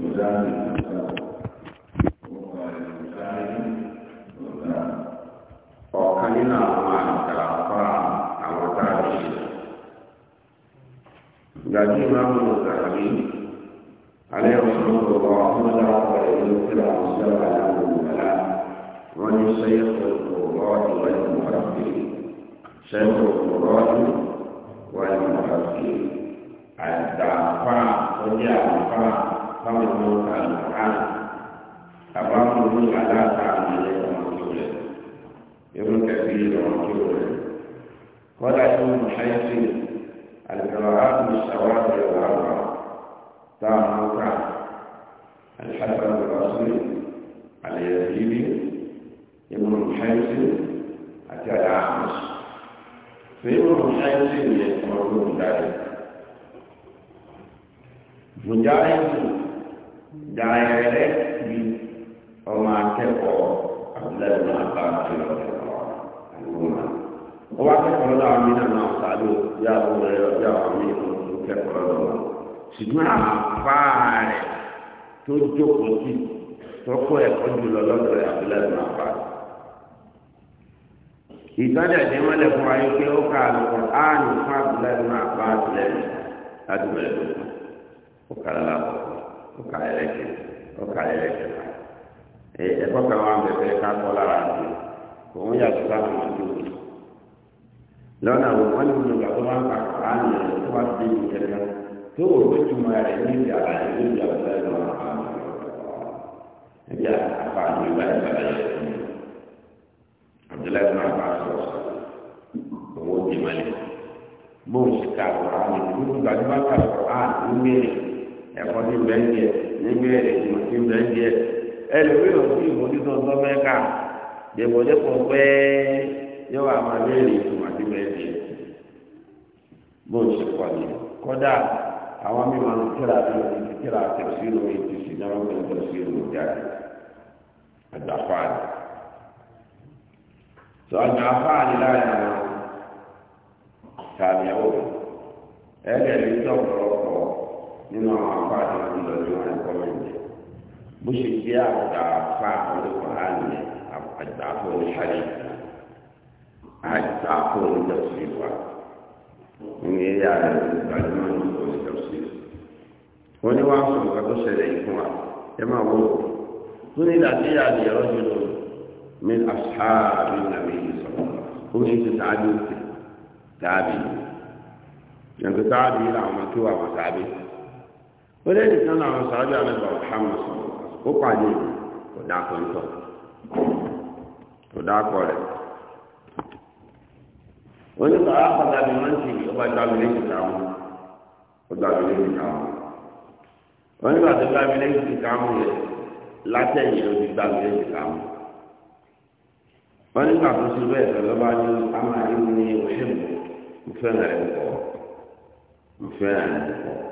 ọ̀kan nínú àwọn àgbà fún àwọn táàbí ìgbàjú ìmáàmù ìgbàjú alẹ́ ọ̀sán ọ̀rọ̀ ọ̀hún láwọn ẹ̀yìn tí a ń sọ àwọn ìgbàlá wọ́n ní sẹ́yẹ̀kọ̀ ọ̀rọ̀ رضي الله تعالى عنه أبرمه على تعامله ورسوله ابن كثير ورسوله ولا يكون حيث القراءات بالشواهد الأربعة دار موقع الحسن البصري اليزيدي ابن الحيث أتى الأعمش فابن الحيث يقول ذلك مجاهد directly ọmọ akẹ́kọ̀ọ́ àbúlẹ̀dùn àbáṣe àgbọ̀nà. ó wá kẹ́kọ̀ọ́ lọ́dọ̀ àwọn mí náà náà sáájú yá àwọn ẹ̀rọ yá àwọn mí náà tó kẹ́kọ̀ọ́ lọ́dọ̀ ọkà ẹlẹ́kẹ̀ ọkà ẹlẹ́kẹ̀ ẹ ẹ̀kọ́ kan wà bẹ̀rẹ̀ ká kọ́ lára àti òun yàtọ̀ sáwọn àti òun lọ́nà àwọn wọn ní olùgbà tó bá ń pa àánú rẹ̀ tó ti dé ìlú kẹta tó o tó túmọ̀ rẹ̀ ní ìdí àlà ìlú ìdí àlà ìlú àlà ìdí àpá àti ìgbà ìgbà yẹn Abdullahi bin Abbas sọ̀rọ̀ owó di mọ́lẹ̀ bóun sì ka àwòrán mi gbogbo àdúgbò àkàrà ẹ̀kọ́ tí ń bẹ ń jẹ níbi ẹ̀rẹ̀ ìmọ̀ tí ń bẹ ń jẹ ẹlòmíràn sí ìmọ̀lítọ́ ọ̀dọ́ mẹ́ka dẹ̀bọ̀dẹ́pọ̀ pé yóò wà máa léèrè ìtumọ̀ tí ń bẹ ń jẹ bó ń ṣe pọ̀ ní kọ́dà àwọn mímọ́ ní kíra tí ó ti kíra tẹ̀sí ló ń ti sí náà wọ́n tó sí ló ń jáde àgbàfáàlì tó àgbàfáàlì láàrin àwọn tàbí ẹ̀wọ̀ ẹ̀ẹ́dẹ̀ẹ́dẹ́ tó ọ̀pọ̀lọpọ̀ nínú àwọn àpá àti ìpínlẹ̀ ní wọn ẹ̀kọ́ mẹ́jẹ bó ṣe jẹ́ àgbàfà oníkọ̀ àmì àgbàfà oníṣàlẹ̀ àgbàfà oníjọ́sí wa ní eré ààrẹ ìgbàlúmọ̀ oníkọ̀ oníjọ́sí wọn ni wọn sọ nǹkan tó ṣẹlẹ̀ yìí fún wa ẹ máa wọ tó ní ìdásíyà ni ẹ̀rọ jùlọ mi àṣàbí nàbí ìsọ̀rọ̀ ó ní ti sáájú tàbí yàtọ̀ sáájú yìí làwọn wà wọ́n sáájú. ó lé nìkan náà àwọn sàájú àlejò àhámà ko ó pàdé kò dákọ nítọ kò ni rẹ oníbàárà ti ọba gbàgbé lẹ́yìn ìdáhùn ó gbàgbé lẹ́yìn ìdáhùn oníbàárà gbàgbé lẹ́yìn ìdáhùn rẹ látẹ̀yìn ló ti gbàgbé lẹ́yìn ìdáhùn wọ́n nígbà tó ṣe bẹ́ẹ̀ pẹ̀lú bá mo mo na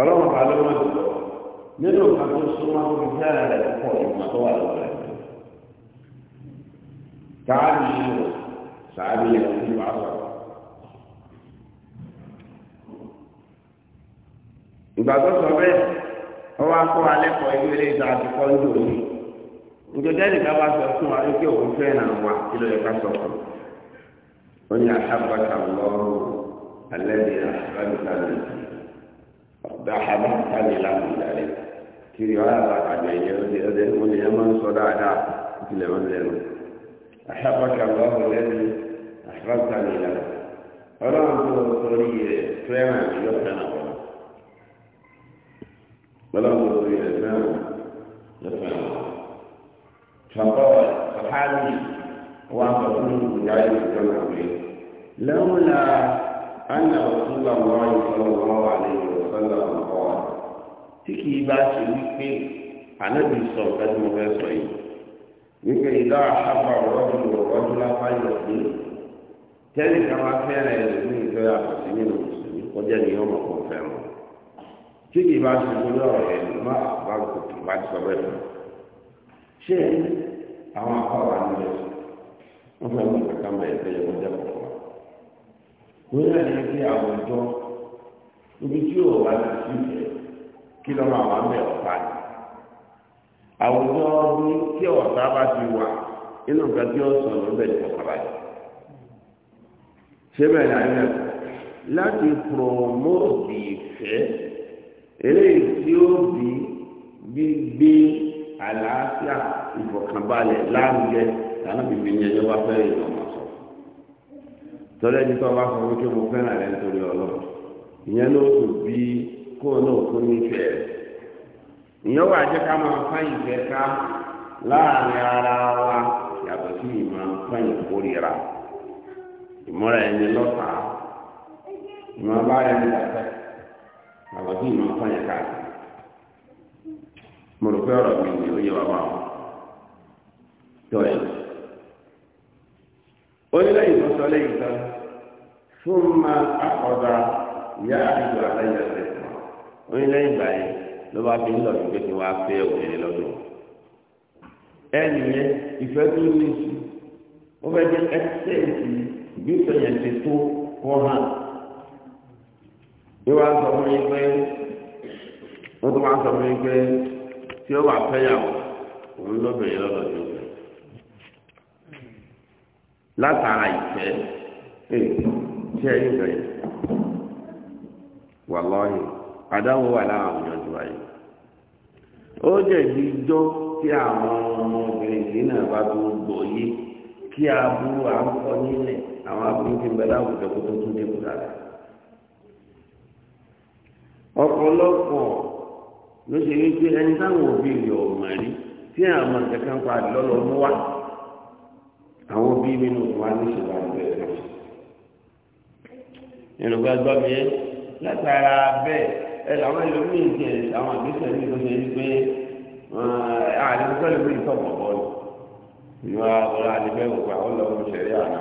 ọlọ́run bá ló mọ̀ jùlọ nínú nǹkan tó súnmọ́ na fi fẹ́ràn rẹ̀ púpọ̀ ìmọ̀ tó wà lọ́wọ́ rẹ̀. káàdì yìí sàábì yẹn kò ní wàá sọ̀rọ̀. kọ wa wípé na da hadith ali lam dalil ti riwaya ba ka je yo de de mo ni man so da da ti le man le no ahabaka allah alladhi ahrazani la ara to tori trema yo kana ko wala to tori trema yo kana فقال صحابي وأنت تقول لولا أن رسول الله صلى الله عليه وسلم قال تكي باشي ويكي أنا بيصور قد مغيصي ويكي إذا أحب الرجل الرجل فليصلي تاني كما كان يزمين في المسلمين المسلمين وجاني يوم أقوم فهمه تكي باشي ويكي ما أخبرك بعد صبرنا شيء أما أخبر عن نفسي وفهمت كما يتجمع جمعه òun náà ní pé àwùjọ ibi tí ò wá ní sí ìfẹ́ kí lọ́mọ àwọn àmì ọ̀pá ni àwùjọ ọdún tí ọ̀sá bá ti wà nínú nǹkan tí ó sọ ló bẹ̀ ní ọ̀pá yìí ṣé bẹ́ẹ̀ náà yẹn láti promote ìfẹ́ eléyìí tí ó bí gbígbé àlàáfíà ìfọ̀kànbalẹ̀ láàrúgẹ tàbí bíbí ẹjọ́ bá fẹ́ ìrọ̀mọ́ tọ́lá ẹni tó bá fọwọ́ pé mo fẹ́ràn rẹ nítorí ọlọ́run ìyẹn ló kò bí kó náà kó ní ìfẹ́ rẹ ìyẹn wà jẹ́ ká máa fá ìfẹ́ ká láàrin ara wa yàtọ̀ sí ìmọ̀ fá ìkórira ìmọ̀ra ẹni lọ́sàá ìmọ̀ bá rẹ ní ìdàgbẹ́ àwọn tí ìmọ̀ fá yẹn káàkiri mo rò pé ọ̀rọ̀ mi ni ó yẹ wá wá wọn tọ́ ẹ̀ onílẹ̀yìn tó sọ lẹ́yìn tán fún ma akọ̀dà ìyá àdìgbò àlẹ́yìn ẹ̀sẹ̀ onílẹ̀yìn báyìí ló bá fi ń lọ sí pé kí wọ́n á fẹ́ òkèlè lọ́dún ẹnì yẹn ìfẹ́ tó ní sí ó fẹ́ jẹ́ ẹ́sẹ̀ǹtì ìgbésẹ̀ yẹn ti tó kọ́ hàn bí wọ́n sọ fún yín pé wọ́n tún wá sọ fún yín pé tí ó bá fẹ́ yàwó òun lọ́bẹ̀rẹ̀ lọ́dọ̀ tó fẹ́. látara ìfẹ́ ee ṣé ẹ bẹ̀rẹ̀ wà lọ́yìn àdáwò wà láwọn àwùjọ tó wáyé ó jẹ̀bi ijó tí àwọn ọmọbìnrin yìí náà bá tó gbọ̀ yé kí aburú à ń kọ́ nílẹ̀ àwọn ń bẹ láwùjọ kó tó tún dára ọ̀pọ̀lọpọ̀ ló ṣe àwọn bí nínú wa ní ìṣèlú àgbẹ̀rẹ̀ ìrùgbà gbọ́ mi látara bẹ́ẹ̀ ẹ làwọn ẹlòmíì jẹ àwọn àgbẹ̀sẹ̀ mi tó ṣe pé àdìsí sọ́ọ̀lù mi sọ̀ pọ̀ bọ́ọ̀lù ìwà ọ̀la àdìbẹ́ òkpa ó lọ́wọ́ mi ṣẹ̀rí àná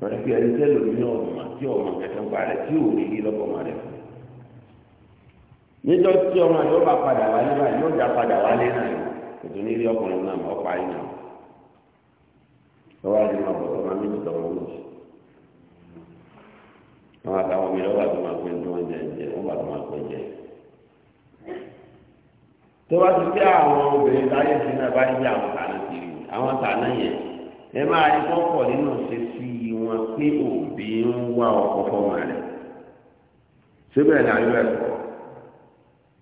pẹ̀lú bí ẹni tẹ́lẹ̀ mi ọ̀gbọ̀n tí ọ̀gbọ̀n kẹsàn-án gba rẹ̀ tí òun yìí lọ́kọ̀ máa rẹ̀ nítorí tí ọmọ yóò bá padà wálé náà yóò já padà wálé náà kò tó ní ilé ọkùnrin náà ọ̀pá yìí náà lọ́wọ́ àti máa bọ̀ ọmọ méjì tọmọ wọn sí wọn àtàwọn mi lọ́wọ́ àti máa pẹ́ ní wọn jẹ jẹ wọn bá tó máa pẹ́ jẹ. tó bá ti pé àwọn obìnrin láyé sí náà bá yí àwọn tàná kiri àwọn tàná yẹn ẹ máa rí kọ́kọ́ nínú ṣe sí wọn pé òbí ń wá ọkọ fọmọ rẹ síbẹ̀ ní ayé ẹ̀kọ́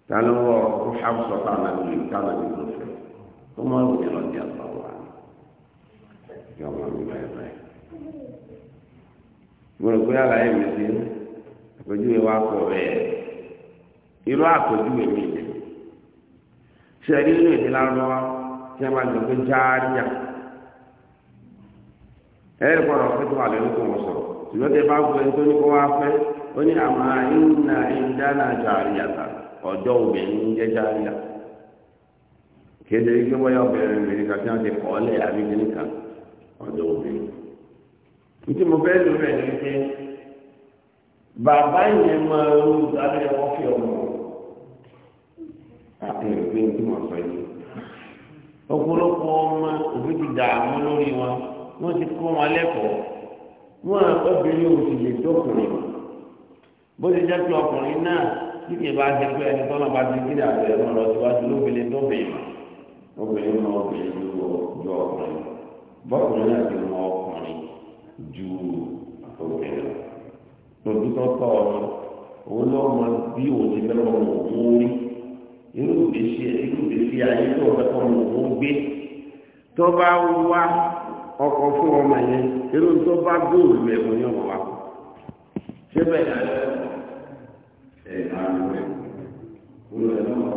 ta ló wọ kó ṣàkóso táwọn àgbèrè táwọn àgbèrè lọ fẹ́ ọmọ ìwòye lọ di yọ máa wí báyìí mo rò pé àlàyé mi ti àpèjúwe wa pọ̀ bẹ́ẹ̀ irú àpèjúwe mi ni ṣe ẹni nínú èdè lárúbáwá tí a máa pé tó wà kò wọ́n sọ̀rọ̀ ṣùgbọ́n tẹ bá gbọ́ ẹni tó ní kó wá fẹ́ ó ní àmà ìnà ìdáná ta obìnrin ń jẹ́ kéde wọ́n ti kọ́ ọ̀dọ́ obìnrin. Ìdí mo fẹ́ lò rẹ̀ ní pé bàbá yẹn máa ń dábẹ́ ọ̀fẹ́ ọmọ àti ìròpé tí wọ́n sọ yìí. Ọ̀pọ̀lọpọ̀ ọmọ òbí ti dààmú lórí wọn, wọ́n ti kọ́ wọn lẹ́kọ̀ọ́. Wọ́n obìnrin ò sì lè dọ́kùnrin. Bó ti jẹ́ pé ọkùnrin náà tí kì í bá jẹ pé ẹni tọ́lá bá ti kíri àgbẹ̀ ẹ̀rọ lọ síwájú lóbìnrin tó bèèrè obìnrin náà obìnrin ló jọ ọkùnrin. báwo ni àti ọmọ ọkùnrin ju àtọ̀bẹ̀rẹ̀ lọ lọ́dútọ́ tọ́ ọ òun náà mọ bí òun ti fẹ́ ọmọ òun rí ayé tó o fẹ́ ọmọ òun gbé tó bá wá ọkọ̀ fún ọmọ yẹn wa ṣé bẹ́ẹ̀ ni ló ní sọ̀rọ̀.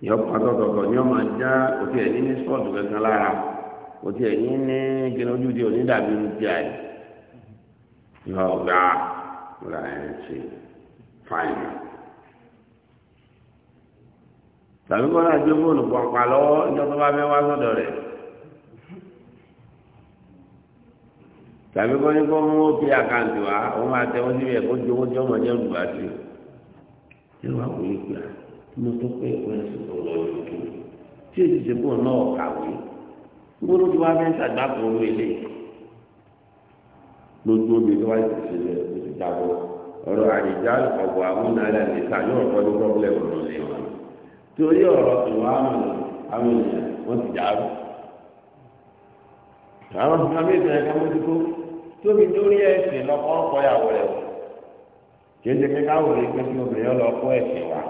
ní ọkọ̀ àtọ̀tọ̀tọ̀ ní ọmọ ajá òtí ẹ̀ní ní sọ́ọ̀tù kankan lára òtí ẹ̀ní ní kíni ojú di onídàbí ní ti àyè ìhà ọ̀gá ọ̀gá ẹ̀ ṣe fáìnì. tàbí kọ́lá gbé fóònù pọ̀npà lọ́wọ́ ní ọkọ̀ bá fẹ́ wá sọ́dọ̀ rẹ̀ tàbí kọ́ ní kọ́ mú òpè àkáǹtì wá òun máa tẹ́wọ́ síbi ẹ̀kọ́ ju owó tí ọmọ jẹ́ olùbàdì. ìwà òye pè á ló tó pé òun sì tó lọ yòókù tí èyí ti bò náà kàwé gbọ́dọ̀ tó wá fẹ́ẹ́ ṣàgbàpọ̀ owó ilé lójú omi tó wáyé ti ṣẹlẹ̀ ló ti dábọ̀ ọ̀rọ̀ àyíjá ọ̀gbọ̀ àwọn ará nìta yóò kọ́ ní pọ́blẹ́mù lónìí wọn torí ọ̀rọ̀ tó wá àwọn ènìyàn wọ́n ti dàrú àwọn sàmì ìbẹ̀rẹ̀ kan mọ́tò kó tóbi lórí ẹ̀sìn lọ́kọ́ ọ̀kọ́ yàwó rẹ̀ kí ẹ jẹ́ pé káwọ̀ obìnrin ọlọ́kọ́ ẹ̀sìn wà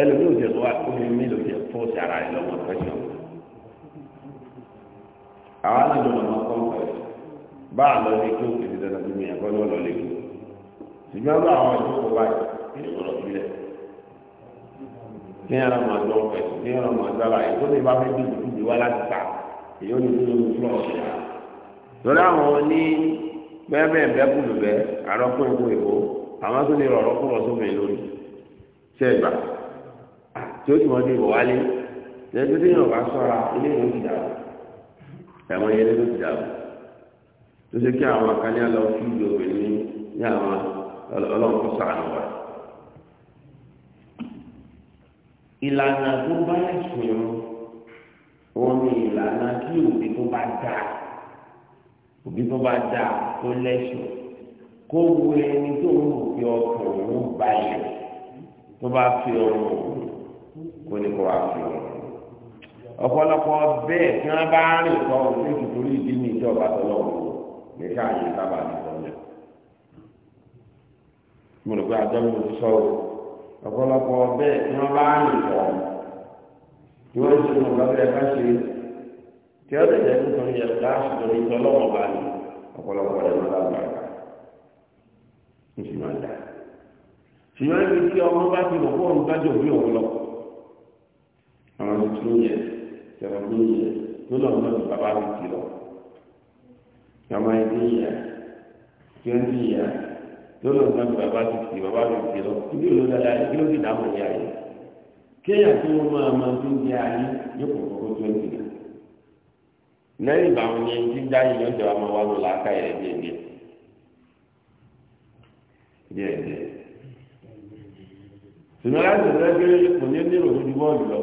ẹlòmí ò jẹ tó wá kó mi mi lò jẹ fóòsì ara rẹ lọ́wọ́ pẹ̀sì ọ̀hún. àwọn alájọ ọmọ kọ́ńtà bá a lọ sí kí ó kéde dandan bí mi ẹ̀kọ́ ní ọ̀lọ́ lẹ́kọ̀ọ́ ṣùgbọ́n bá àwọn ìjókòó báyìí ní ọ̀rọ̀ sílẹ̀ kí ẹ̀rọ máa jọ pẹ̀ kí ẹ̀rọ máa dára ètò ní bá fẹ́ bí ìdíje wá láti ta èyí ó ní kí ló ń fún ọ̀sẹ̀ rà. torí àwọn ní bẹ́ẹ̀ bẹ́ẹ̀ kùlù bẹ́ẹ̀ ìwé ìwò àwọn tó lè rọ̀rọ̀ kúrọ̀ sómi lórí ṣẹ́gbàá tí ó ti mọ́ dé bọ̀ wálé lẹ́gbẹ́ tí yóò bá sọ́ra ilé ìwé ti dàrú ẹ̀wọ̀n yẹn ló ti dàrú tó ṣe kí àwọn akáni àlọ́ fíìdì obìnrin ní àwọn ọlọ́run kó sàánù wa. ìlànà tó bá ẹ̀sùn irun wọn ni ìlànà kí òbí tó bá dáa òbí tó bá dáa tó lẹ́sùn kó wo ẹni tó ń fi ọkàn òun balẹ̀ tó bá fi ọrùn kó ní kó wá fi wọn. ọ̀pọ̀lọpọ̀ bẹ́ẹ̀ tí wọ́n bá rìn kọ́ òfin ìtòrí ìdí ní ìjọba tọ́lọ́wọ́ ní káàyè sábà ní ọ̀nà. mo rò pé àjọ mi ò ti sọ̀rọ̀ ọ̀pọ̀lọpọ̀ bẹ́ẹ̀ tí wọ́n bá rìn kọ́ tí wọ́n ṣe mọ̀ lọ́dọ̀ ẹ̀ká ṣe tí ó lè jẹ́ nítorí ẹ̀dá nítorí tọ́lọ́wọ́ bá ní ọ̀pọ̀lọpọ̀ rẹ̀ máa lágbára ní ṣùgbọ́n àwọn tuntun yẹ tẹ̀wọ̀n yẹ lọ́dọ̀ ọ̀dọ́ ní bàbá mi ti lọ. Yàmá ẹni yẹ tí ó ń yẹ lọ́dọ̀ ọ̀dọ́ ní bàbá mi ti bàbá mi ti lọ. Ibi òun dára yẹ kí ló ti dààmú ìyá yẹ. Kéèyàn tí wọ́n máa máa tó ń di ayé yóò kò kókó tó ń di yẹ. Lẹ́yìn ìgbà wọn yẹn ti dá yìí lọ́jọ́ àwọn wa lọ làákà yẹ díẹ̀ díẹ̀. Díẹ̀ díẹ̀. Sùnmọ́ láti rẹ́ gbé kò ní ní ìròyìn bọ́ọ̀lù lọ.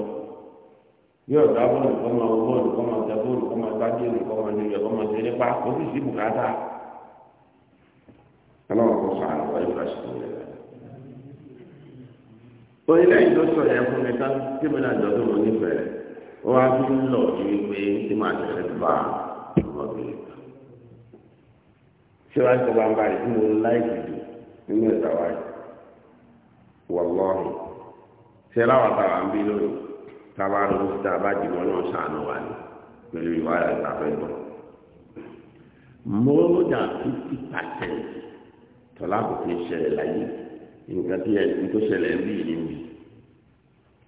yóò gba bọ́ọ̀lù kọ́ máa wọ bọ́ọ̀lù máa tẹ bọ́ọ̀lù máa gbá géèmù máa nílẹ̀ kọ́ máa tẹ̀lé pa ojú sí bùkátà. ọlọ́run kò sọ àlọ́ ayé fúlàṣì tó yẹ. onílẹ̀ yìí tó sọ yẹn fún mi ká kí mi náà jọdún mo nífẹ̀ẹ́ ó wá fi ń lọ ìwé pé tí màá tẹ̀lé bá ọmọbìnrin kan. ṣé wàá sọ bá ń bá ìdí mo láìpẹ́ jù nínú wọ́n táwa ló ń ta bájì wọn náà sànù wà ní pẹ̀lú ìwà rẹ̀ tàbẹ́ bọ̀. more than fifty percent tọ́lá kò fi ṣẹlẹ̀ láyé nǹkan tí ẹni tó ṣẹlẹ̀ ń bí ìlú mi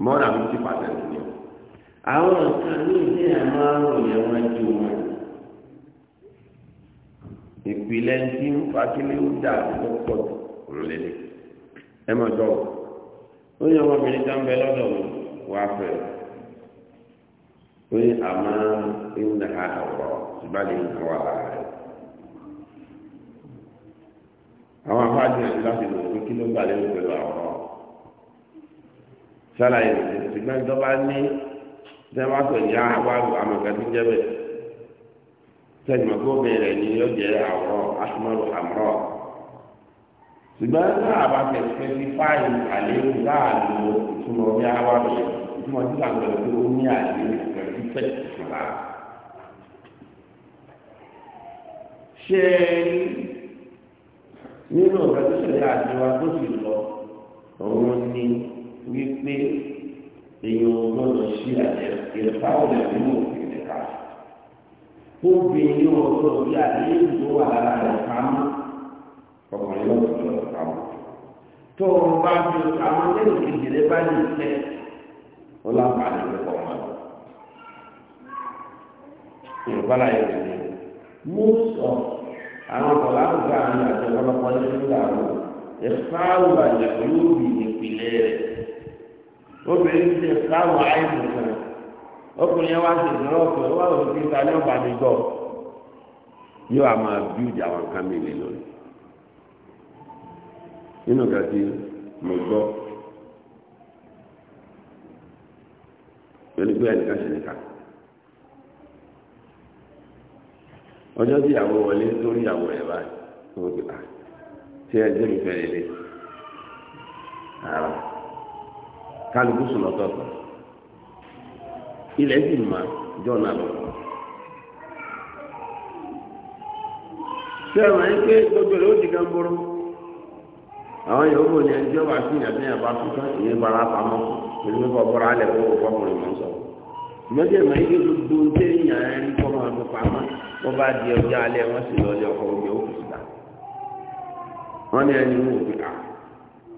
more than fifty percent ni o. àwọn nǹkan ní ìdí ẹ̀ máa ń ròyìn wọn ju wọn. ìpìlẹ̀ tí ń fa ó dà tó pọ̀ jù ẹ mọ̀ jọ́ ó yẹ ọmọbìnrin tá bẹ lọ́dọ̀ wọ́n wá fẹ́ pé àmọ́ ìwúna ha ọ̀rọ̀ ṣùgbọ́n rẹ̀. àwọn afáàjì náà láti lò pé kí ló gbà lérò pẹ̀lú àwọ̀rọ̀ sálàyé rẹ̀ ṣùgbọ́n tó bá ní sẹ́wọ́n jẹ́ bẹ̀ sẹ́yìn bẹ̀rẹ̀ yóò jẹ́ ṣùgbọ́n àbá sí fáìlì ìtumọ̀ bí a wà ìtumọ̀ respect Islam. ṣé nínú ọ̀gá tó ṣẹlẹ̀ àjọwà tó sì lọ òun ni wípé èèyàn gbọ́dọ̀ ṣí àjẹ ìrẹ̀fáwọ̀ lẹ́yìn mọ̀ ìrẹ̀ká. obìnrin ọ̀dọ́ bí àdéhùn tó wà lára rẹ̀ pamọ́ ọkùnrin náà ti lọ pamọ́. tó o bá fi pamọ́ lẹ́yìn ìdílé bá lè tẹ́ ọ láǹfààní lọ́pọ̀ wọn lọ yorùbá la yẹ kẹlẹ mọsọ àwọn ọkọlá àgbà àwọn àti ọlọpàá ní ìlú àwọn ẹfáwọ àyàwó yóò bì ìpìlẹ̀ rẹ̀ obìnrin ti ẹfáwọ àìsàn kan ọkùnrin yẹn wá sí ìdúró ọkọ ẹ wá òfin títa ní ọba mi gbọ́ yóò àmà bíúdì àwọn nǹkan mi lè lórí nínú kàtí mo gbọ́ pẹ̀lú pé ẹnìkan ṣe nìkan. ọjọ́ tí ìyàwó wọlé torí ìyàwó rẹ̀ báyìí a ah, ti bá ṣe ẹjẹ́ mi ara kálukú sùn lọ́tọ̀ọ̀tọ̀ ilẹ̀ sì mà jọ́ náà lọ́tọ̀. ṣé ọ̀nà yín pé gbogbo rẹ̀ ó di gan boro àwọn yòówù ni ẹni tí sí ìyàtọ̀ yẹn bá kú tán ìyẹn bá pẹ̀lú fún ọkùnrin mọ́ sọ. ìmọ̀tẹ́ wọ́n bá di ọjà alẹ́ wọ́n sì lọ ní ọkọ̀ omi òkú síta wọ́n ní ẹni mú òfin à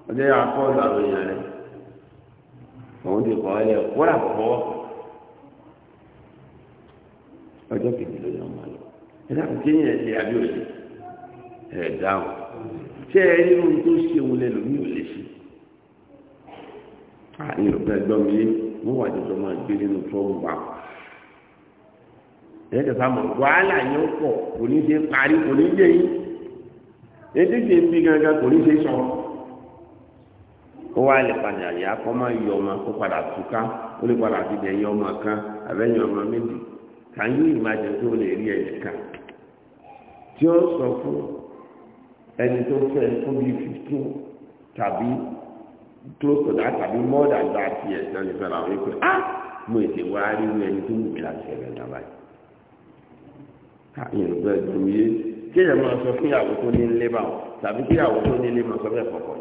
ọjọ́ yà kọ́ọ̀lù àwọn èèyàn rẹ̀ òun ti kọ́ ọ́lẹ̀ wọ́n àkọ́kọ́ ọjọ́ kejì ló yọ ọmọ lọ ẹ̀dá kò kéèyàn ẹ̀ àbí òṣèlú ẹ̀ dáhùn ṣé ẹ ní ohun tó ṣe òun lẹ́nu mi ò lè ṣe àyìnbó ẹgbọ́n mi wọ́n wà jọjọ máa gbé nínú fọ́ọ̀mù báwọn yẹn tẹ sáà mọ wàhálà yẹn pọ̀ kò ní ṣe parí kò ní yé yín etí ṣe bí gangan kò ní ṣe sọ ó wá lè padà yá kó má yọ ọmọ kó padà túká ó lè padà fi dẹ̀ yọ ọmọ kan àbẹ́yìn ọmọ méjì kàn yín ìmájẹ tó lè rí ẹ̀yìn kan tí ó sọ fún ẹni tó fẹ́ fún bíi fifteen tàbí close to that tàbí more than that years náà nípa làwọn yìí ah mo ètè wá rí ẹni tó wù mí láti ẹ̀rẹ̀ náà báyìí ìrùgbẹ́ tó yé kí èèyàn máa sọ fún ìyàwó tó ní ilé bá wọn tàbí kí ìyàwó tó ní ilé máa sọ bẹ́ẹ̀ kọ̀ọ̀kan.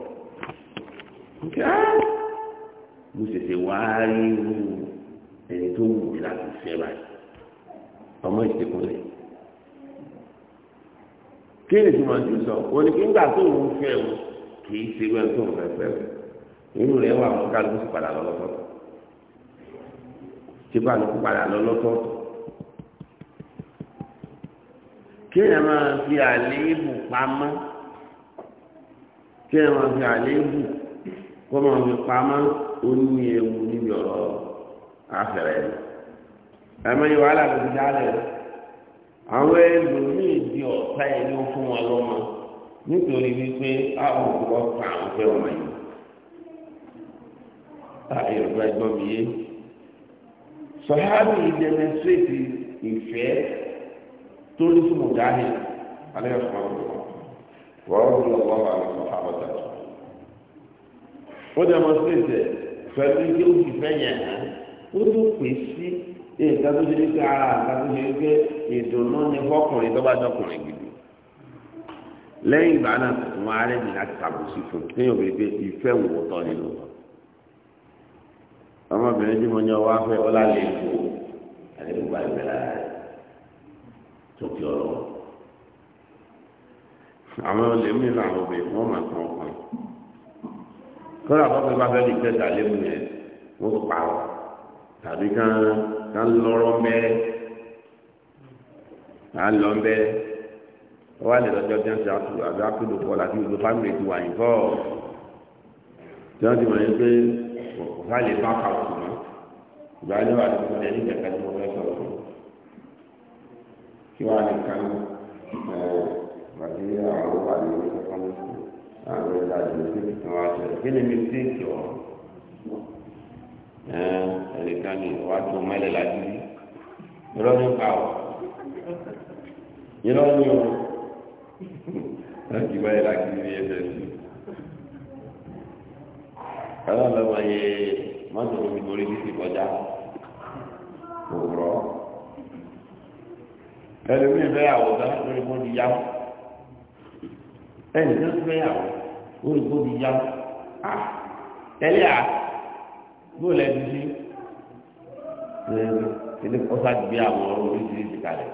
mo ah! ṣẹ̀ṣẹ̀ wá rí irú ẹni tó wù mí láti fẹ́ báyìí ọmọ ìṣèkúnlẹ̀. kí ni ìtumọ̀ ti sọ wọn ni kí nígbà tó ń fẹ́ o kì í ṣe wẹ́n tó ń fẹ́ fẹ́ o inú rẹ̀ wà fún kálukú sí padà lọ́lọ́tọ̀ọ̀tọ̀ tí kálukú padà lọ́lọ́tọ̀ọ̀tọ̀ kéèyàn máa fi àléébù pamọ́ kéèyàn máa fi àléébù kó máa fi pamọ́ oní ewu níbi ọ̀rọ̀ afẹ́rẹ́ rẹ̀ ẹ̀mọ́ yìí wàhálà tó ti dálẹ̀ àwọn ẹlòmíì di ọ̀tá ẹ̀ ló fún wọn lọ́mọ nítorí wípé àwọn òkúrọ̀ pa àwọn fẹ́ wọn yìí ta Yorùbá ẹgbọ́n mi yé sọ̀hábì ìdẹ́mẹ́sírètì ìfẹ́ tó ní fún mùjáhì alẹ́ ọ̀sán àwọn ọ̀sán wọ́n rọ́ọ̀dù lọ́wọ́ àwọn ọ̀sán àwọn ọ̀sán. ó demonstrate pẹ̀lú ilé òbí fẹ́yẹ̀ hàn ó tó pè sí nǹkan tó ṣe ní pé ara nǹkan tó ṣe ní pé ìdùnnú ni fọkùnrin tó bá dọkùnrin gidi lẹ́yìn ìgbà náà tuntun wọn arẹ́ mi láti ṣàbòsí fún un kéèyàn bèbè ìfẹ́ wò tọ́ nínú wọn. ọmọbìnrin tí mo yan wá fẹ́ ọlá lè kó àlejò bá ìbẹ̀rẹ̀ rẹ̀ tókè ọ̀rọ̀ àwọn olè mi làwọn obìnrin wọn máa tán ọkàn kọ́lá bọ́pẹ́ bá fẹ́ di kẹta léwu yẹn wọ́n tó parọ́ tàbí kán kán lọ́rọ́ mẹ́rẹ́ kán lọ́ mẹ́rẹ́ wọ́n wá lè lọ́jọ́ bí wọ́n ti àtúntò àbí àkúndò kọ́ láti ìlú fámìlì ti wà yìí fọ́ọ̀ tí wọ́n ti mọ̀ ní pé wọ́n lè bá kàwé mọ́ ìgbà yẹn wà lóko ẹni kẹ̀kẹ́ ni mo fẹ́ sọ̀rọ̀ kí wàá ní kánú bàbí àwọn ọba ní sẹkọndì skul àwọn ẹ̀dá ìlú tí kì í wá ṣẹlẹ̀ kí ni mistake ọ̀ ẹnìkan ní wàá tó mẹ́lẹ̀ láti rí irọ́ ní pa ọ̀ irọ́ ní o láti mẹ́lẹ̀ láti rí ẹsẹ̀ sí ọlọ́run lọ́wọ́ yẹ mọ́tò omi borí bí ti kọjá òwúrọ̀ ẹlòmí ìfẹ́yàwó náà lórí kó di yáwó ẹnì tó fẹ́yàwó lórí kó di yáwó á tẹ́lẹ̀ à bó lẹ́nu sí ẹni kọ́sá gbé àwọn ọ̀rọ̀ oríṣiríṣi kalẹ̀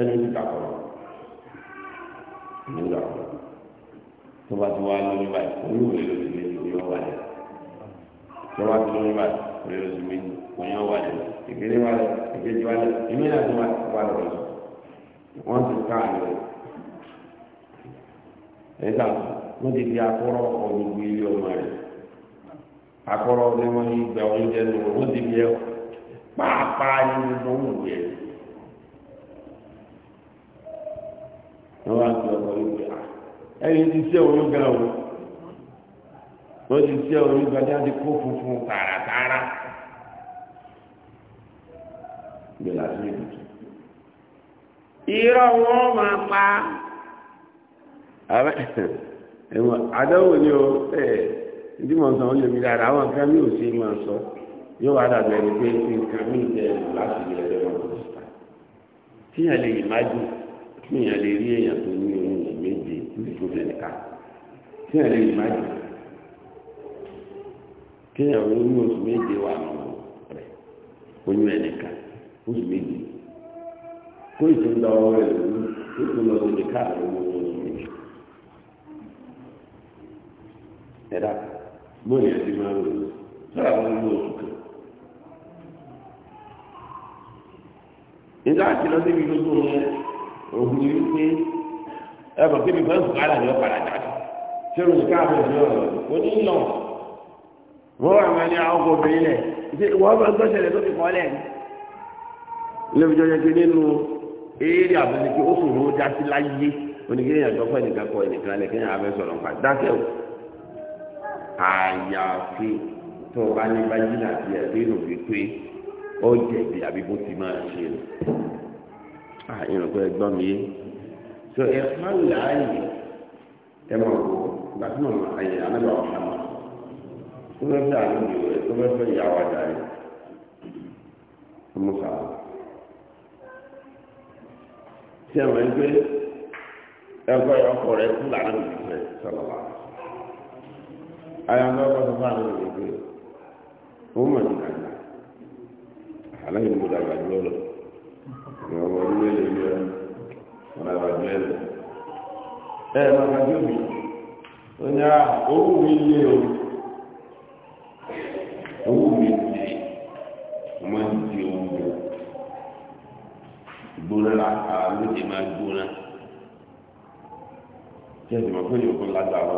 ẹni tó kàkọ́rọ̀ ẹni tó kàkọ́rọ̀ tó bá ti wá lórí báyìí olúwèé lórí méjì ni wọ́n wà lẹ́nu tó bá ti lórí báyìí olúwèé lórí méjì ni wọ́n wà lẹ́nu ìkéde wà lẹ́nu ìkéde wà lẹ́nu ìmílẹ̀ tó wà lẹ́nu. wọ́n ti káàlù ẹ̀dá wọ́n ti di akọ́rọ̀ ọ̀gbìn ilé ọmọ rẹ̀ akọ́rọ̀ ọ̀gbìn wọn ní ìgbà oúnjẹ nù wọ́n ti di pàápàá nínú ìdánwò yẹn. wọ́n wá ti ọkọ̀ ẹ̀yìn ti wọ́n ti kó irọ́ wọn máa pa ẹ̀wọ̀n àdánwò ni ó ẹ̀ ìdí mọ̀ sàn ó lè mi dára àwọn nǹkan mi ò ṣe máa sọ yóò wá dàbẹ̀ ni pé nǹkan mi jẹ́ láti lè ẹ̀rọ wọn lọ sí tíyàn lè yìmájú tíyàn lè rí èèyàn tó ní ohun ìméje ní ìfúnfẹ́ nìkan tíyàn lè yìmájú tíyàn lè ní oṣù méje wà nù rẹ̀ oyún ẹnìkan oṣù méje kó ìtúndà ọwọ́ ẹ̀ lórí kó ìtúndà ọwọ́ ẹ̀ káàkiri owó tó ń lò. ẹ̀dá bóyá ẹ̀ ti máa ń lò sọ́ra wọn ní oṣù kan. nígbà tí lọ síbi tó tó ń lọ òun ni wípé ẹ bọ̀ kébi bẹ́ẹ̀ fún àlàyé ọ̀padà jáde ṣé o ní káàkiri ìlú ọ̀rọ̀ o ní lọ wọ́n wà máa ní ọkọ̀ obìnrin lẹ̀ wọ́n bá gbọ́sẹ̀ lẹ́ tó fi kọ́ lẹ̀ ní. ilé ìjọba ti nínú eré àbẹ̀lẹ̀ kí ó sí láyé àjọpọ̀ ẹnìkan kọ ẹnìkan abẹ́ sọ̀rọ̀ nípa dákẹ́ o àyàfi tó o bá ní báyìí àti ẹ̀rí nù wípé ó jẹ̀bi àbí bó ti máa ṣe nù. àyìnbó pé ẹgbọ́n mi yé so ẹ máa là á yìí ẹ máa wò ó na tí ọ̀hán mọ̀ tó fẹ́ rẹ̀ tó tí a máa ń gbé ẹgbẹ́ ọkọ̀ rẹ̀ fún làrá mi fẹ́ sọ̀rọ̀ àyà ńlá ọkọ̀ fún àwọn ènìyàn gbé wọ́n mọ̀ nígbà náà aláìní mo dàgbà jù lọ ní ọmọ ah, o owó tí ẹ̀sìn mọ̀ pé yòókù lágbára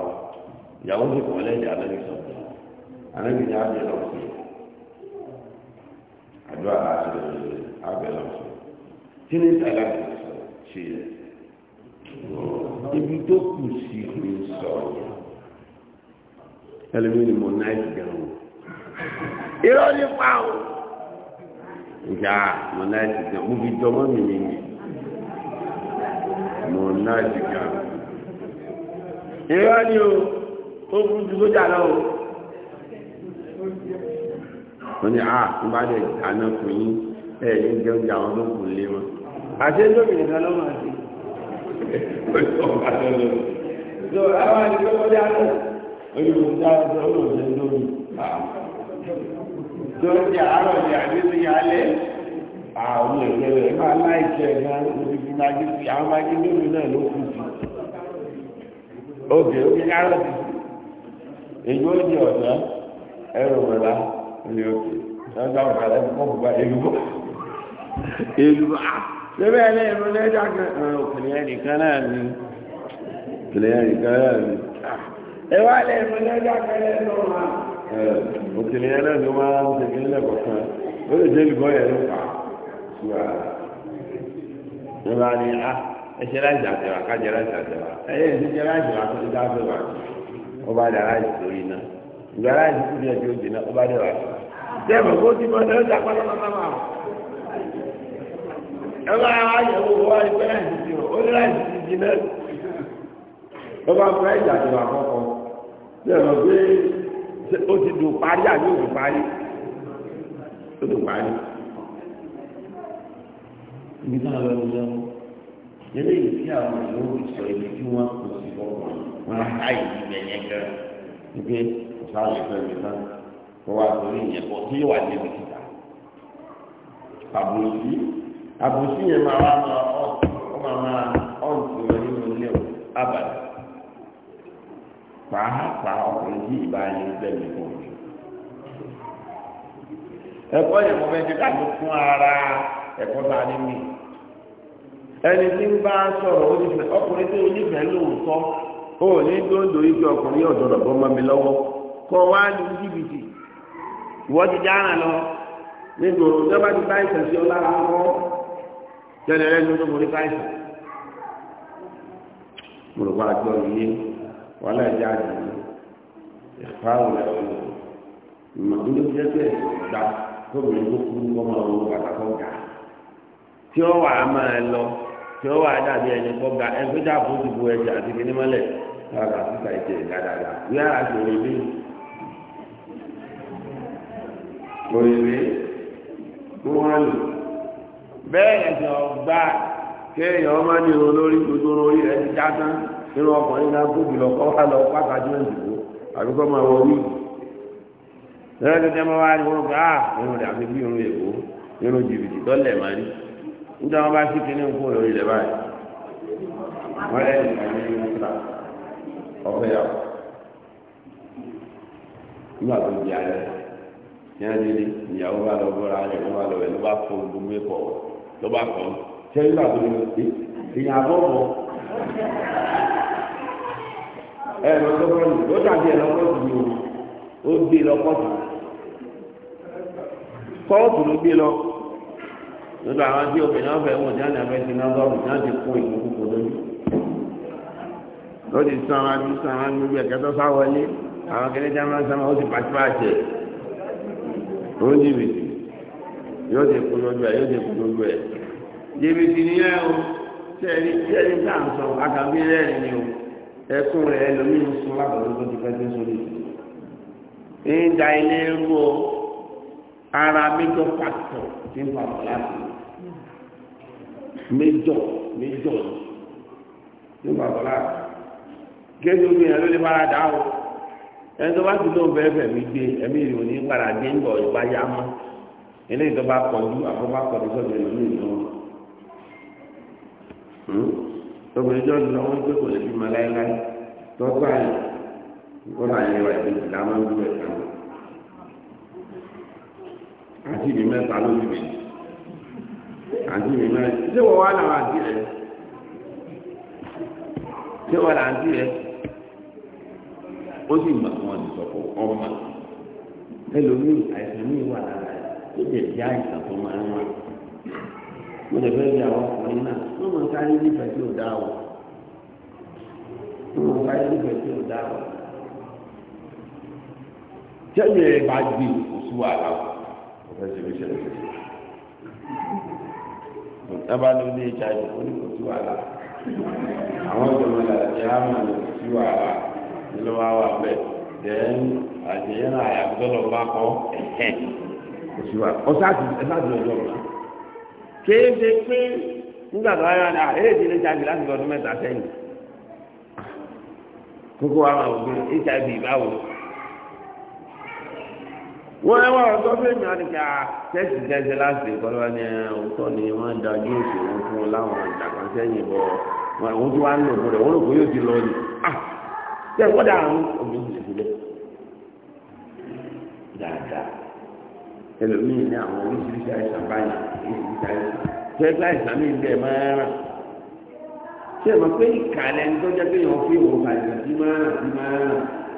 ìyàwó sì kàn lẹ́yìn alẹ́bí sọ alẹ́bí ni abẹ́ lọ sí àdúrà àti abẹ́ lọ sí tí ní ìtàlá ṣe ibi tó kù sí ní sọ̀rọ̀ ẹlẹ́mí ni mo náà ti dẹ̀rù irọ́ ní pààrọ̀ ìjà mo náà ti dẹ̀rù mo fi jọmọ́ mi nìyí mo náà ti dẹ̀rù. ìrọ́ ni o ó jù ló sójà lọ o wọ́n ní àà ah, tó bá dẹ̀ àná kò yí ẹ̀ ní jẹ́ oúnjẹ àwọn tó kù lé wọn àti ẹjọ́ ìrìn kan lọ́mọ àti so ah, àwọn àdìgbò kọjá lọ olùkọ́ ìjà ndị olùkọ́ ìjà lórí tó ń jẹ àárọ̀ àwọn máa máa gbé àwọn máa gbé lórí náà ló kù. oge oge kárọ̀tì èyí ó di ọ̀nà ẹrù rẹ̀lá ní òkè wọ́n gbà wọ́n kàlẹ́ fún bùbá èlùbọ́ èlùbọ́ à lébẹ́ ẹ̀ lẹ́yìn ló lẹ́jà kan òkèlè ẹ̀ nìkan náà ni òkèlè ẹ̀ nìkan náà ẹsẹ láì ṣàtẹwà kájẹ láì ṣàtẹwà ẹyẹ tó ti dá fẹ wà ọba dà láì sórí iná ìgbà láì sí kúrò ẹbí òbí náà ọba dà wà sí. kó ti bọ́ ẹ jà pátá máa ẹ bá wà yẹ owó wa ó ní láì ti jiná ó eléyìí tí àwọn ìlú sọ ibi tí wọn kò sí fọkàn wọn láyé ibẹ̀ yẹn gan wípé ọ̀sán àlùfẹ́ mi náà kọ́ wa torí ìyẹn pọ̀ tí yóò wà níbi kíkà àbòsí àbòsí yẹn máa wá máa ọ̀ ọ́ máa máa ọ̀ tì wọ́n nínú ilé o abàdà pàápàá ọkùnrin tí ìbá yẹn bẹ̀rẹ̀ fún mi. ẹ̀kọ́ yẹn mo fẹ́ ti ká ló fún ara ẹ̀kọ́ tá a ní mi. ẹni tí ń bá sọ̀rọ̀ onífẹ́ ọkùnrin tó onífẹ́ lóòótọ́ ó ní dóńdó igi ọkùnrin ọ̀dọ̀dọ̀ bọ́ mọ́ mi lọ́wọ́ kọ́ wá ní jìbìtì ìwọ́n ti lọ nígboro ti bá ọlára tẹ́lẹ̀ ní káìsà mo rò wá gbọ́ wọn já ìfá ìmọ̀ ìgbà mọ́ ọ̀rọ̀ tí ó wà dàbí ẹni kọ́ ga ẹgbẹ́ tí a fún ti bu ẹ̀jẹ̀ àti kìíní mọ́lẹ̀ lára síta ìjẹ́ dáadáa wí ara ti rí bí òrèrè tó wọ́n lò bẹ́ẹ̀ ẹ̀sìn ọgbà kéèyàn ọmọ ní irun lórí gbogbo orí rẹ̀ ti já tán irun ọkùnrin náà kó jùlọ kọ́ wá lọ pàtàkì náà dìbò àbí kọ́ máa wọ wíìlì lọ́dọ̀ tó jẹ́ mọ́ wá ní wọ́n gbà á ah, irun rẹ̀ àfi bí irun èkó irun jìbìtì tọ́lẹ̀ máa nígbà wọn bá sí kíní ń kó lórí ilẹ̀ báyìí wọ́n lẹ́yìn nìkan ní nípa ọ̀fẹ́ yà nígbà tó di alẹ́ yẹn ti di ìyàwó bá lọ bọ́ra rẹ̀ ló bá lọ rẹ̀ ló bá fọ gbogbo ẹ̀kọ́ ló bá kọ́ ṣé nígbà tó di ìyàn àbọ̀bọ̀ ẹ̀ lọ́sọ́kọ́ ni ó dàbí ẹ̀ lọ́kọ́ tù ní o ó gbé lọ́kọ́ tù kọ́ọ̀tù ló gbé lọ́kọ́ gbogbo àwọn tí obìnrin ọ̀fẹ́ wò ní àná fẹ́ ti ná lọ́rùn náà ti kún ìlú kúkú lójú ló ti sàn án ti sàn án gbogbo ẹ̀kẹ́tọ́ sáwọlé àwọn kẹ́lẹ́ tí a máa ń sàn án ó ti pàṣípàṣẹ ó ní ìrètí yóò ti kú lójú ẹ̀ yóò ti kú lójú ẹ̀ jìbìtì nìyẹn o sẹ́ẹ̀rí sẹ́ẹ̀rí tá à ń sọ àgàbí rẹ́ẹ̀rì ni o ẹkún rẹ̀ ẹlòmíín sún lábàlú tó ti fẹ́ sí sórí ìdá ilé rú o ara mi tó pàtó ti ń pàtó láti méjọ méjọ ní bàbá gẹ́gẹ́ bí ẹ̀rọ lè bára o ẹni tó bá ti lóun bẹ́ẹ̀ fẹ̀ mí gbé ẹ̀mí ìrìn òní padà dé ń ìgbà yá mọ́ eléyìí tó bá kọjú àbọ̀ hmm? ìlú kò lè fi mọ láéláé tọ́tọ́ àyè wọn àti ìbí mẹ́ta àǹtí mi náà ó sì ọmọ ẹlòmíì àìsàn lára bí àìsàn tó máa ń mo lè fẹ́ bí àwọn ọkùnrin náà wọ́n mọ̀ tí ò dá wọ́n mọ̀ tí ò dá tẹ́lẹ̀ bá gbé oṣù àlàó ọ̀fẹ́ ṣe fi ṣẹlẹ̀ ṣẹlẹ̀. tábà ló ní ìjà ìjà ní kò sí wàhálà àwọn ìjọba ìlàjì àmà ní kò sí wàhálà nílò wá wà bẹ́ẹ̀ dẹ́n àjẹyẹ náà àyàgbọ́dọ̀ bá kọ́ ẹ̀hẹ́ kò sí wàhálà ọ̀sá àti ẹ̀sá àti ọjọ́ ọ̀la kéde pé nígbà tó ayọ̀ ni àlẹ́ èdè lè jáde láti ọdún mẹ́ta sẹ́yìn kókó wa máa wò pé hiv báwo wọ́n ẹ wá ọ̀tọ́ fẹ́mi àdìgá tẹ́sì jẹ́jẹ́ láti ìkọlọ́wọ́ ni ọ̀tọ́ ni wọ́n dájú òṣèlú fún láwọn bọ̀ wá ń lò fún rẹ̀ wọ́n rò pé yóò ti lọ ni tẹ́ wọ́n dàrú omi ti sílẹ̀ dáadáa ẹlòmíì ní àwọn oríṣiríṣi àìsàn báyìí oríṣiríṣi àìsàn tẹ́ gbá àìsàn mi bẹ́ẹ̀ máa rà tẹ́ ẹ̀ pé ìkàlẹ̀ pé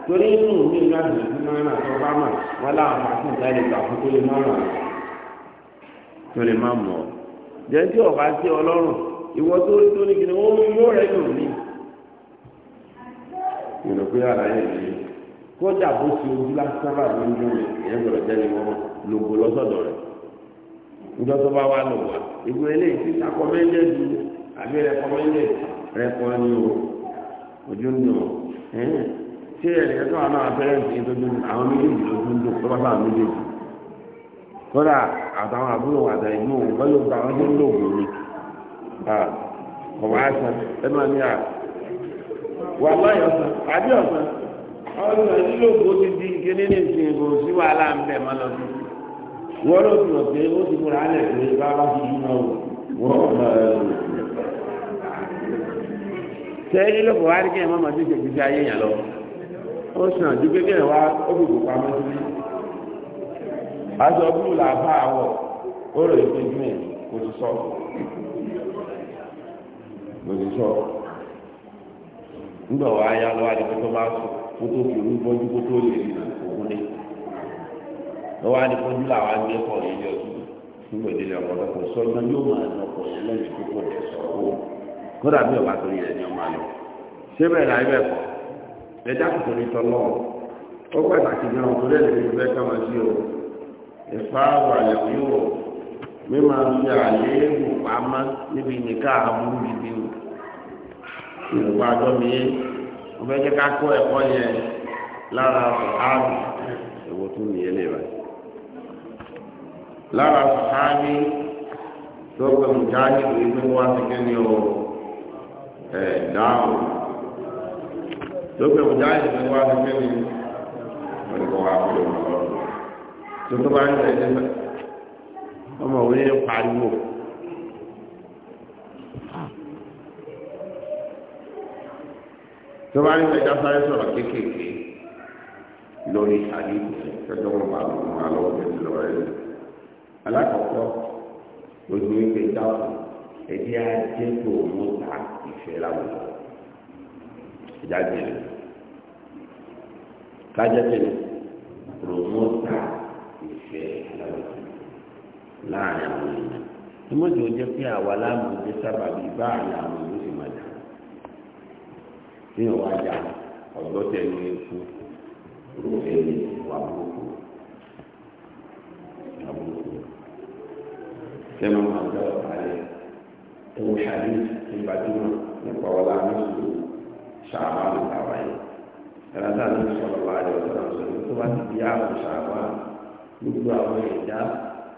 torí inú mi ní àgbẹ̀ tí máa ń rà tó bá mà wọn láwọn máa fún ìtàlẹ̀ ìgbà fún tó lè má rà tó lè má mọ̀ ọ́. jẹ́ tí ọ̀bá sí ọlọ́run ìwọ tó rí tó ní kí ni wọ́n mú yóò rẹ̀ yóò ní. ìrò pé àlàyé mi kọjá bó ti ojú lásán bá mi ń dún mi ìyẹn gbọdọ̀ jẹ́ ni wọ́n lògbò lọ́sọ̀dọ̀ rẹ̀. ìjọ tó bá wà lògbà ìgbò eléyìí ti sàkọ́mẹ́ndẹ̀ ju àbí rẹ̀kọ́mẹ́ndẹ̀ rẹ̀kọ́ ni o ojú ń dùn ṣé ẹ̀rẹ̀ tó wà náà pẹ́rẹ́ǹtì yìí tó dún àwọn méjèèjì ló dún dùn tó bá bá àwọn méjèèjì kódà àtàwọn àbúrò àtà ìlú òun bá yóò gba àwọn tó ń lò òun ni ọ̀wá ẹ̀sán ẹ máa ní à wà láyé ọ̀sán àbí ọ̀sán ọ̀sán nílò ògbó ti di kéde ní ìsìn kò sí wàhálà ń bẹ̀ má lọ wọ́n ló fi hàn ó ti múra alẹ̀ pé bá bá ti yín náà kí ẹ̀ má máa ti ṣèkìtì ayé yàn lọ. ó sàn ju wa ó fi kò pamọ́ aṣọ búlù là bá àwọ̀ ó rò kò sì sọ kò sì sọ nígbà wàá yá tó bá kó tó fi orí bọ́jú kó tó lè rí òun ní lọ́wọ́ adé bọ́jú làwọn agbé kọ̀ lórí ọdún nígbà ìdílé ọ̀pọ̀lọpọ̀ sọ́gbọ́n yóò máa lọ pọ̀ lẹ́yìn tó ẹ̀dá kòtò ní tọ́lọ́ ó pàtàkì gan ọ̀tọ́ lẹ́nu ní ìfẹ́ kama sí o ìfá wà lẹ́nu yóò mímọ fi àléébù pamọ́ níbi nìka àbúrú bíbí o ìrùkọ àjọ mi yé wọ́n fẹ́ jẹ́ ká kó ẹ̀kọ́ yẹn lára sọ̀hábì èwo tún nìyẹn lè rẹ̀ lára sọ̀hábì tó gbẹ̀mùjáde ìgbẹ́ wá sí kẹ́ni o ẹ̀ dáhùn lókè ọjà ìdílé wa ní pé ní ọ̀rẹ́kọ̀ wa kúrò lọ́rùn tó tó bá ń tẹ̀ ẹ́ ọmọ òun ní pariwo. tó bá ń tẹ̀ ẹja sáré sọ̀rọ̀ kéékèèké lórí àdéhùn tẹ́jọ́ wọn bá lọ́wọ́ máa lọ́wọ́ tẹ́jọ́ lọ́wọ́ rẹ̀. alákọ̀ọ́kọ́ ojú ìpè dáhùn ẹ̀dí ajé tó mú ta ìfẹ́ láwùjọ ìdájọ́ rẹ̀ kájá tẹ̀lé promota ìfẹ́ aláwọ̀tì láàrin àwọn èèyàn ní mọ́tò ó jẹ́ pé àwa láàmú jẹ́ sábàbí báàrin àwọn ìlú sì máa dà nínú wa dà ọ̀gbọ́tẹ̀ ní ikú ro ẹni wà burúkú wà burúkú sẹ́nu máa ń dọ̀rọ̀ kalẹ̀ ẹ̀wọ̀n ìgbàdúrà nípa ọ̀la ní ìlú sàmánù kàràtà ló ń sọ̀rọ̀ wà lọ sọ̀rọ̀ sọ̀rọ̀ tó bá ti di àwọn sàwà gbogbo àwọn ẹ̀dá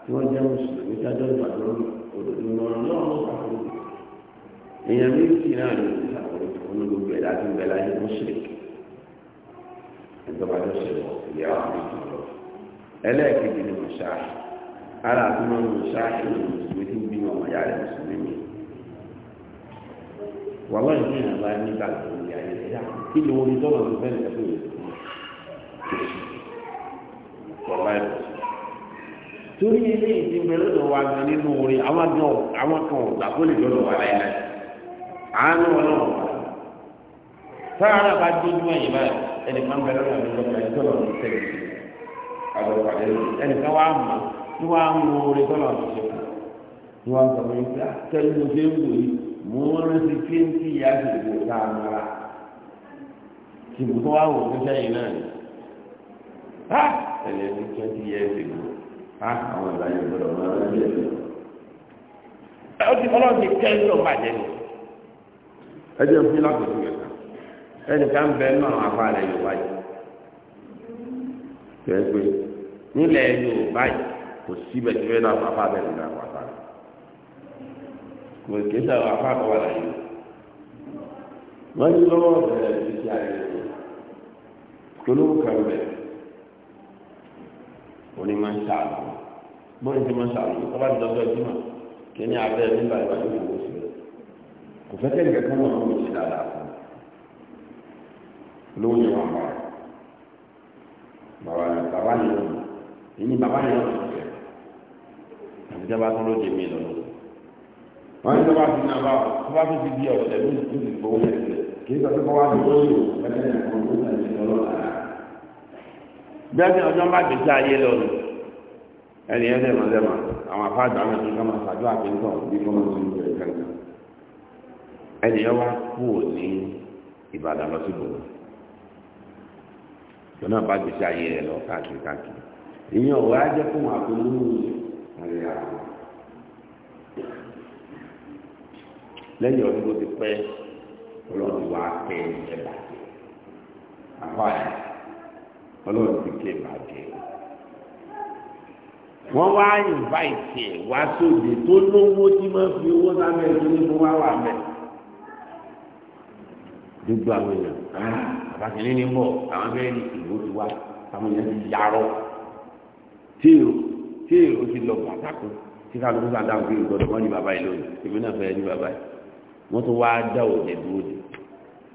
tí wọ́n jẹ́ mùsùlùmí dájọ́ ìgbàgbọ́ òdòdó lọ́rùn lọ́rùn èèyàn méjì náà ló ti sàkóso fún gbogbo ẹ̀dá tó ń bẹ láyé mùsùlùmí ẹ̀dọ́ bá lọ sọ̀rọ̀ ìyá wa méjì lọ ẹlẹ́ẹ̀kejì ni mùsùlùmí wàhálà ìlú yẹn bá nígbà tó yà yẹn yá kí ló wọlé tó wọn fẹ́ lè fún yẹn wàhálà ìlú torí ilé ìdìbò lọ́dọ̀ wa gan nínú orí àwọn kan àwọn kan ọ̀gbà kó lè lọ́dọ̀ wa láyé láyé àánú wọn náà wà sáárà bá dójú ẹ̀yìn báyìí ẹnì kan bẹ̀rẹ̀ lọ́dọ̀ mi lọ́dọ̀ ẹ̀yìn tó lọ́dọ̀ mi tẹ̀lé àbọ̀ pàdé ẹnì kan wà mà ní wàá ń wo orí tó lọ́dọ̀ mi tẹ̀lé ní wàá sọ fún mi pé àtẹ̀lé ah, mo ṣe ń wò yìí mo ń rántí kéńtì ìyá sì kò tá a mara tìbùtò wa wò fún sẹ́yìn náà ni ha ẹ̀lẹ́ ní twenty years ago ha àwọn ìbáyé gbọ́dọ̀ máa ń bẹ̀rẹ̀ lọ. ó ti fọlọ́ ti kẹ́ ń lọ bàjẹ́ ni ẹ jẹ́ fún lákòókò yẹn ẹnì kan bẹ nínú àwọn afá rẹ̀ yóò wáyé kẹ́ẹ́ pé nílẹ̀ Yorùbá yìí kò síbẹ̀ síbẹ̀ náà afá bẹ̀rẹ̀ náà wà sá kò kí ń sàwọn afá àkọwà láyé wọ́n ní lọ́wọ́ bẹ̀rẹ̀ títí ayé polówó kan bẹ̀ òní máa ń sàlù bóyá ti máa ń sàlù tó bá dọ́gbẹ́ jùmọ̀ kí ní abẹ́ nígbà ìgbà tó fowó sí kò fẹ́ kẹ́ nìkan wọn kò sí dáadáa fún lówó ni wọn bá bàbá bàbá ni wọn èyí bàbá ni wọn kò fẹ́ àti tó ló jẹ mí lọ́wọ́. wọ́n ní sọ́ba fún nàbà sọ́ba tó di ọ̀rọ̀ ní ìlú ìgbòho yẹn tẹ̀ lọ́la. gbèsè ayé ẹni lẹ́mọ̀ àwọn àwọn kan máa àfihàn bí bẹ̀rẹ̀ kankan. ẹni ẹ wá kú ò ní Ìbàdàn lọ sí lẹ́yìn ọdún tó ti pẹ́ ọlọ́run wá pé ẹ bàjẹ́ àwa ẹ̀ ọlọ́run ti ké bàjẹ́ wọ́n wá ìnváìtì ẹ̀ wá sóde tó lówó tí wọ́n fi owó sábẹ́ ìdílé fún wá wà mẹ́ gbogbo àwọn èèyàn ah, àbákẹ́lẹ́ ní bọ̀ àwọn fẹ́ẹ́ ní ìlú ti wá àwọn èèyàn ti yarọ tí o tí o ti lọ gbàtàkùn tí kálukú sáà dáhùn pé ìgbọ́dọ̀ wọ́n ní bàbá yìí lónìí èmi náà fẹ́ẹ́ ní bàbá yìí wọ́n tún wáá dá òde dúró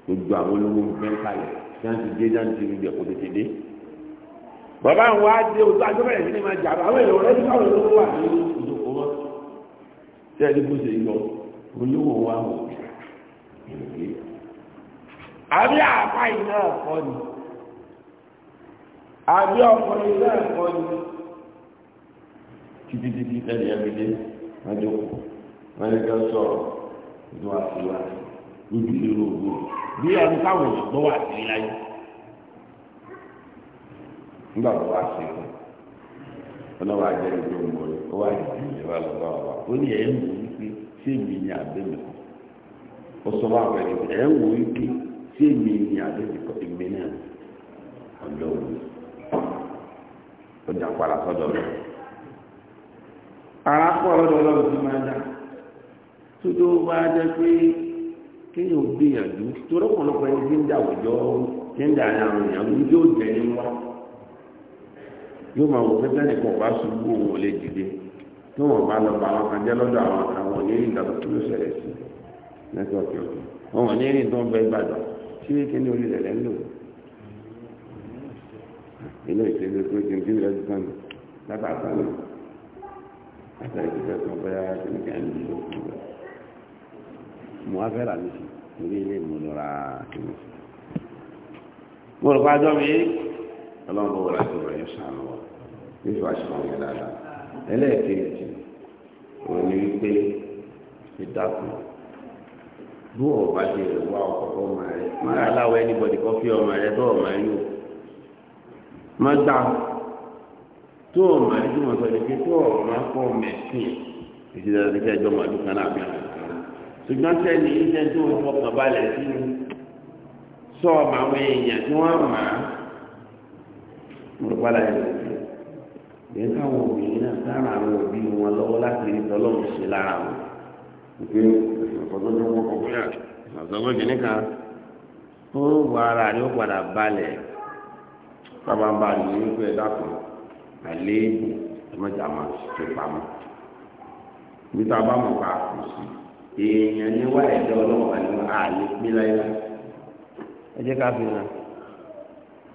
de gbogbo àwọn olówó ń fẹ́ kalẹ̀ dáńtì dé dáńtì rí bẹ̀ kó tètè dé. bàbá àwọn wáá dé òtún àjọpẹ̀lẹ̀ sí ni máa jà àwọn èèyàn rẹ̀ nípa àwọn wà ní ìdókòó wọn. sẹ́ẹ̀dì bó ṣe yọ olówó wa wò ìrèké. àbí àpá iná ẹ̀kọ́ ni àbí ọkùnrin iná ẹ̀kọ́ ni títí títí ẹ̀dẹ̀ ẹ̀mí dé wọ́n jókòó wọ́n ní kí wọ́n ìjọ àtiwá lójú ìlú ògbó bí ọdún káwọn èèyàn gbọ́ wà sí láyé nígbà tó wá sí fún ọlọ́wọ́ ajẹ́rìí tó ń bọ̀ ó ìlú ó ní ẹ̀ ń wò ṣé èmi ni ó sọ wá pẹ̀lú ẹ̀ ń wò ṣé èmi ni kọ́ èmi náà padà sọ́dọ̀ ara kọ́ ọlọ́dọ̀ ọlọ́run ti máa dá. tó tó bá jẹ́ pé kéèyàn gbìyànjú tó lọ́pọ̀lọpọ̀ ẹni tí ń dà àwùjọ tí ń dà ní àwọn èèyàn ní yóò jẹ́ ní wá yóò máa wọ pẹ́pẹ́ nìkan bá ṣubú òun ò lè dìde tí wọ́n bá lọ bá wọn kan jẹ́ lọ́dọ̀ àwọn àwọn ní ìgbà tó ló ṣẹlẹ̀ sí nẹ́tíwọ̀kì ọ̀tún wọn ní ìrìn tó ń bẹ gbàdọ̀ tí kí ní orí rẹ̀ lẹ́ ń lò ilé ìṣẹ́lẹ̀ tó ti ń bí rẹ̀ sàn látàkùn látàkùn tó bẹ́ẹ̀ tó ń bẹ́ẹ̀ mo wá fẹ́ rà mí sí torí ilé mo lọ ra kìnnì sí. mo rò pàjọ́ mi ọlọ́run bó wọlé àti ìròyìn sànù wa nífi wá sí wọn yẹn dáadáa ẹlẹ́ẹ̀kejì òun ni wípé ìdákùn bó ọba ṣe lè wá ọkọ̀ ọmọ rẹ má aláwọ̀ ẹnibọ̀dì kan fi ọmọ rẹ tó ọmọ rẹ yóò má gbà tó ọmọ rẹ tó ọmọ rẹ tó ọmọ rẹ kọ́ mẹ́sìn ìṣẹ̀lẹ̀ ẹ̀jọ̀ màdùkánná àbí àná ṣùgbọ́n sẹ́ni iṣẹ́ tó ń fọkàn balẹ̀ sí i sọ ọmọ àwọn èèyàn tí wọ́n mọ̀ á mo bá la yẹn lọ́wọ́ yẹn káwọn obìnrin náà sára àwọn òbí wọn lọ́wọ́ láti rí tọ́lọ́mù sí lára wọn pé ìfọ̀tọ́ tó wọ́n kọ̀ọ̀kan yà àtọ́gbọ́n kìíní kan ó wọ ara rẹ̀ ó padà balẹ̀ sábàbà ní wípé ẹ̀dá kan àléébù ẹ̀mọ́jà máa ti pamọ́ níta bá mọ̀ ká kù sí i. èèyàn níwá ẹ̀dá ọlọ́run àníwá àlè pín láyé ẹ jẹ́ ká fi hàn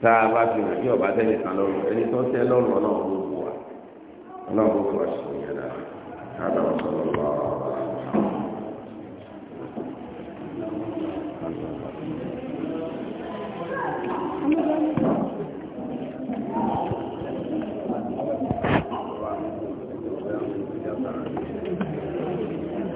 tá a bá fi hàn yóò ọba tẹ́lẹ̀ kan lọ́rùn ẹni tó tẹ́ lọ́rùn ọlọ́run ló ọlọ́run ló yẹn náà